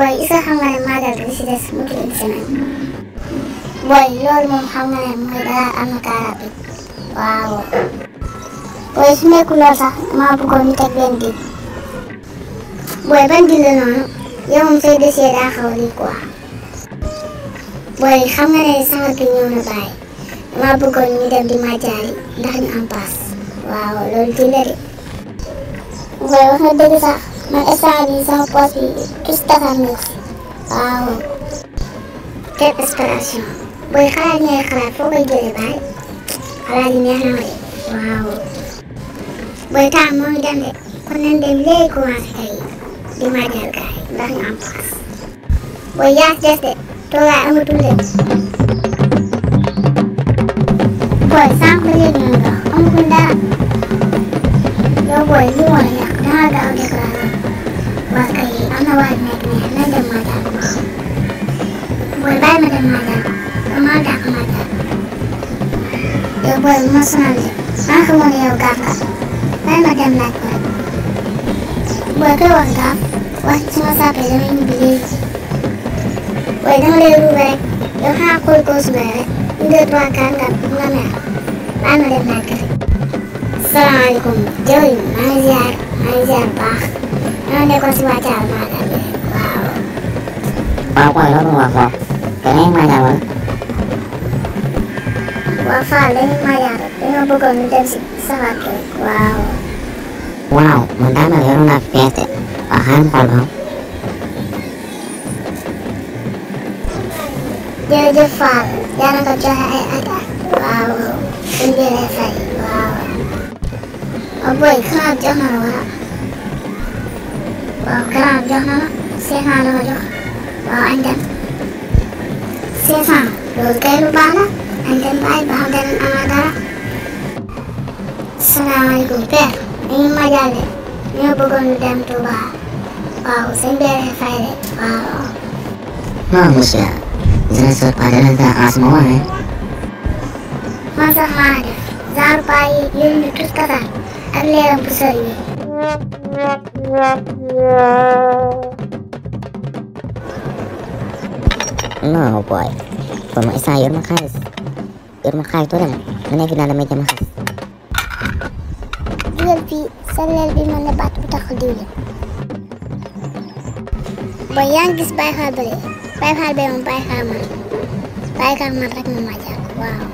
booy yi sax xam nga bi si des mu ngi une semaine booy loolu moom xam nga ne mooy dara am booy su nekkul loolu sax maa bëggoon ñu teg benn dig booy ban dig noonu yow moom say dossier daa xaw booy xam nga ne sànq na bàyyi maa bëggoon ñu dem di màjjaali ndax ñu am loolu dig la de booy wax nga dëgg sax. man instant bii sama poche bi tous defar nañ si waaw désperation booy xalaat ñooy xalaat koy jëlee baay xalaat yi neex na ma de waaw booy temps moo ngi dem de kon nañ dem léegi commencé tey di màggal gaay ndax ñu am place booy yaas des de toogaay amatul de booy sànq léegi ñu ngi dox amagul dara yow booy li mu war maa gaaw découragé parce que am na waa nekk ne lan dem maa jàpp booy bàyyi ma dem maa jàpp maa dàq maa jàpp yow booy bu ma sonal de maa xamoon yow gaaf nga bàyyi ma dem laaj ko rek booy koy wax gaaf wax ci ma sàppe damay ñibbi léegi booy dama lay ruube rek yow xanaa xool koo suba rek une deux trois quatre nga nga mer bàyyi ma dem laaj ko rek salaamaaleykum jëriñ maa ngi ziar maa ngi ziar bu baax dama nekkoon si wàccaal magal bi waaw. waaw kon loolu moo faal keneen magal wala. waaw faal dañuy magal dañoo bëggoon ñu dem si safar bi waaw. waaw man daa mel yoroon naa fi peete waaw xaaral ma xool ba xam. jërëjëf faal yaa ngi ko joxe ay attaques waaw suñu jëlee fay. अबोई खराब jox na la 500 la jox waaw añ dem 500 la añ dem bàyyi ba xam danañ amaat dara. salaamaaleykum père dañu ma jàlle ñoo bëggoon dem Touba waaw sëñ Béré Faye de waaw. non monsieur je ne sors pas de maa def genre paa yi yéen ñu tous ak leeram bu sori bi non booy kon ma instant yor ma xaalis yor ma xaalis doo dem ma nekk naa damay jëm xaalis dugal fii sa leel bi mën na baat bu tax diwlin booy yaa ngi gis bàyyi xaal bële bàyyi xaal bële moom bàyyi xaal man bàyyi xaal man rek moom maa jàpp waaw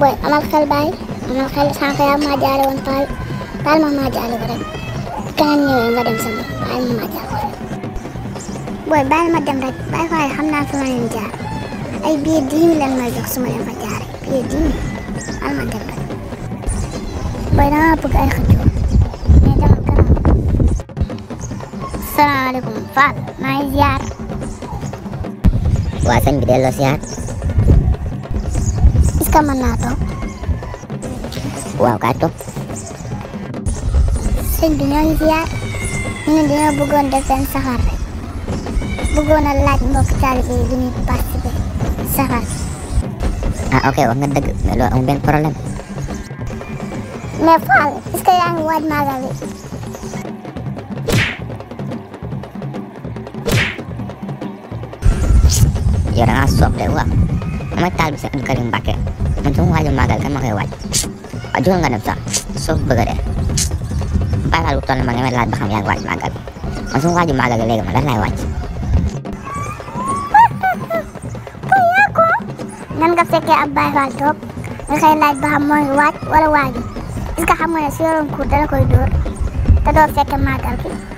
booy amal xel bàyyi man xel sànq yaa ma jaale woon Paal Paal ma ma jaale ko rek keneen ñëwee nga dem sama Paal ma ma jaale ko rek. booy bàyyi ma dem rek bàyyi waaye xam naa fi ma leen jaar ay biir diim lan may jox su ma leen fa jaaree biir diim Paal ma dem rek booy dama bëgg ay xëccoo mais dama gërëm. salaamaaleykum Fall maa ngi ziar. waa sëñ bi delloo ziar. est-ce que mën naa toog. waaw kaa topp. sëñ bi ñoo ngi ziar ñu a laaj mbokk taalibe yi du ñuy participer safar. ah ok wax nga dëgg mais loolu amul benn yaa ngi waaj màggal bi. yow de waaw. ma bi seen Karim Mbacke man su ma waaj a màggal kan ma koy jugal nga dem sax soo ko bëgg a def bàyyi faal bu ma nga laaj ba xam yaa ngi waaj màggal bi man ma waaju màggal waaj. kay yaa ko fekkee ab bàyyi faal toog laaj ba xam moo ngi waaj wala waaju xam nga ne si yoroon kuur koy dóor te doo fekkee màggal bi.